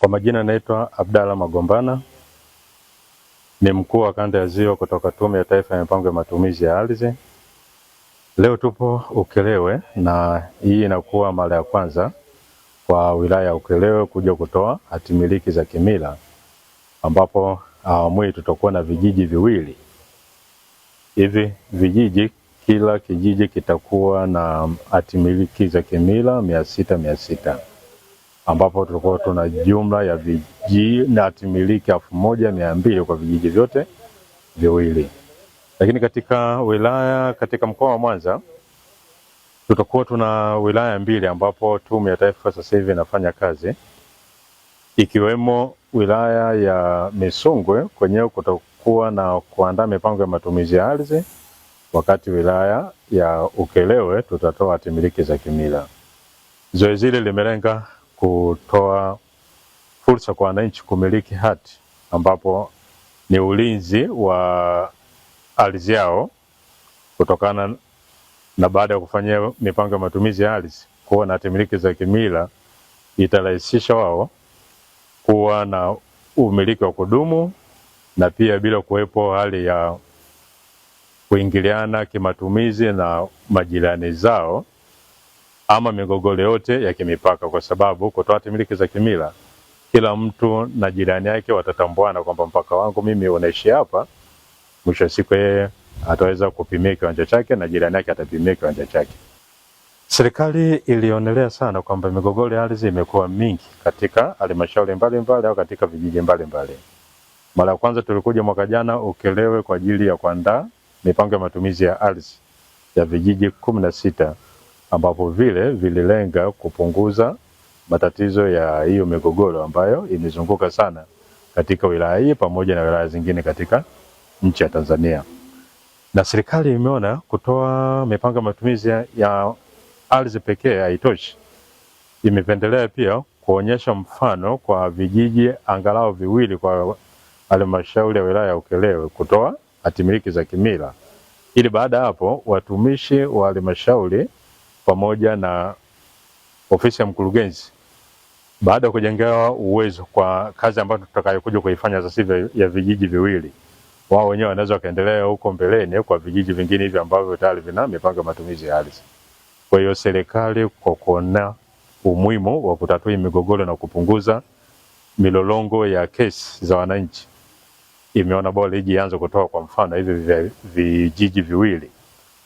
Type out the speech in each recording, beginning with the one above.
Kwa majina naitwa Abdalla Magombana, ni mkuu wa kanda ya Ziwa kutoka Tume ya Taifa ya Mipango ya Matumizi ya Ardhi. Leo tupo Ukerewe na hii inakuwa mara ya kwanza kwa wilaya ya Ukerewe kuja kutoa hatimiliki za kimila, ambapo awamu hii tutakuwa na vijiji viwili. Hivi vijiji, kila kijiji kitakuwa na hatimiliki za kimila mia sita mia sita ambapo tulikuwa tuna jumla ya vinati miliki elfu moja mia mbili kwa vijiji vyote viwili. Lakini katika wilaya, katika mkoa wa Mwanza tutakuwa tuna wilaya mbili ambapo Tume ya Taifa sasa hivi inafanya kazi, ikiwemo wilaya ya Misungwe, kwenyewe kutakuwa na kuandaa mipango ya matumizi ya ardhi, wakati wilaya ya Ukelewe tutatoa hatimiliki za kimila. Zoezi hili limelenga kutoa fursa kwa wananchi kumiliki hati ambapo ni ulinzi wa ardhi yao kutokana na baada ya kufanyia mipango ya matumizi ya ardhi kuwa na hatimiliki za kimila, itarahisisha wao kuwa na umiliki wa kudumu na pia bila kuwepo hali ya kuingiliana kimatumizi na majirani zao ama migogoro yote ya kimipaka, kwa sababu kwa Torati Miliki za Kimila kila mtu na jirani yake watatambuana kwamba mpaka wangu mimi unaishi hapa. Mwisho siku yeye ataweza kupimia kiwanja chake na jirani yake atapimia kiwanja chake. Serikali ilionelea sana kwamba migogoro ya ardhi imekuwa mingi katika halmashauri mbalimbali au katika vijiji mbalimbali. Mara ya kwanza tulikuja mwaka jana Ukerewe kwa ajili ya kuandaa mipango ya matumizi ya ardhi ya vijiji kumi na sita ambapo vile vililenga kupunguza matatizo ya hiyo migogoro ambayo imezunguka sana katika wilaya hii pamoja na wilaya zingine katika nchi ya Tanzania. Na serikali imeona kutoa mipango ya matumizi ya ardhi pekee haitoshi, imependelea pia kuonyesha mfano kwa vijiji angalau viwili kwa halmashauri ya wilaya ya Ukerewe kutoa hatimiliki za kimila, ili baada ya hapo watumishi wa halmashauri pamoja na ofisi ya mkurugenzi baada ya kujengewa uwezo kwa kazi ambayo tutakayokuja kuifanya sasa hivi ya vijiji viwili, wao wenyewe wanaweza wakaendelea huko mbeleni kwa vijiji vingine hivi ambavyo tayari vina mipango ya matumizi ya ardhi. Kwa hiyo serikali kwa kuona umuhimu wa kutatua migogoro na kupunguza milolongo ya kesi za wananchi, imeona bora ije ianze kutoa kwa mfano hivi vijiji viwili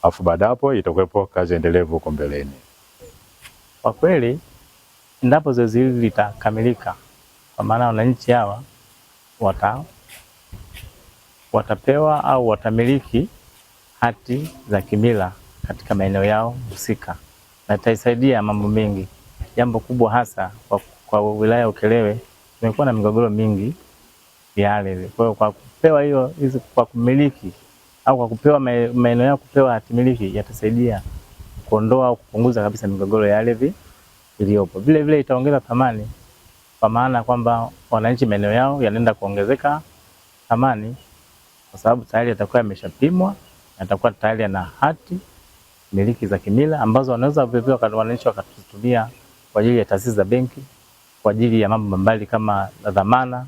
afu baada hapo itakuwepo kazi endelevu huko mbeleni. Kwa kweli, endapo zoezi hili litakamilika, kwa maana wananchi hawa wata watapewa au watamiliki hati za kimila katika maeneo yao husika, na itaisaidia mambo mengi. Jambo kubwa hasa kwa, kwa wilaya ya Ukerewe na migogoro mingi ya ardhi. Kwa hiyo kwa kupewa hiyo, kwa kumiliki au kwa kupewa maeneo yao kupewa hatimiliki yatasaidia kuondoa au kupunguza kabisa migogoro ya ardhi iliyopo. Vile vile itaongeza thamani, kwa maana kwamba wananchi maeneo yao yanaenda kuongezeka thamani, kwa sababu tayari yatakuwa yameshapimwa, yatakuwa tayari yana hati miliki za kimila ambazo wanaweza vilevile wananchi wakatumia kwa ajili ya taasisi za benki, kwa ajili ya mambo mbalimbali kama dhamana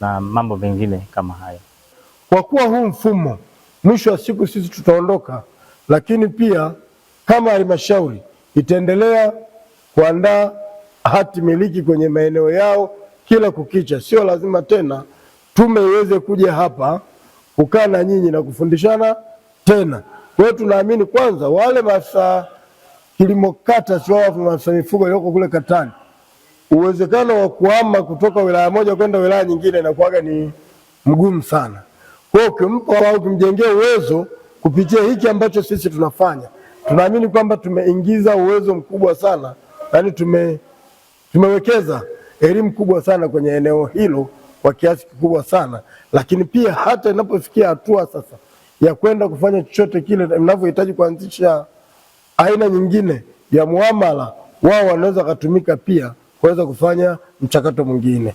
na mambo mengine kama hayo. Kwa kuwa huu mfumo mwisho wa siku sisi tutaondoka, lakini pia kama halmashauri itaendelea kuandaa hati miliki kwenye maeneo yao kila kukicha. Sio lazima tena tume iweze kuja hapa kukaa na nyinyi na kufundishana tena. Kwa hiyo tunaamini kwanza, wale maafisa kilimo kata, sio maafisa mifugo walioko kule katani, uwezekano wa kuhama kutoka wilaya moja kwenda wilaya nyingine inakuwaga ni mgumu sana. Kwa ukimpa au ukimjengea uwezo kupitia hiki ambacho sisi tunafanya, tunaamini kwamba tumeingiza uwezo mkubwa sana, yaani tume tumewekeza elimu kubwa sana kwenye eneo hilo kwa kiasi kikubwa sana, lakini pia hata inapofikia hatua sasa ya kwenda kufanya chochote kile mnavyohitaji kuanzisha aina nyingine ya muamala, wao wanaweza wakatumika pia kuweza kufanya mchakato mwingine.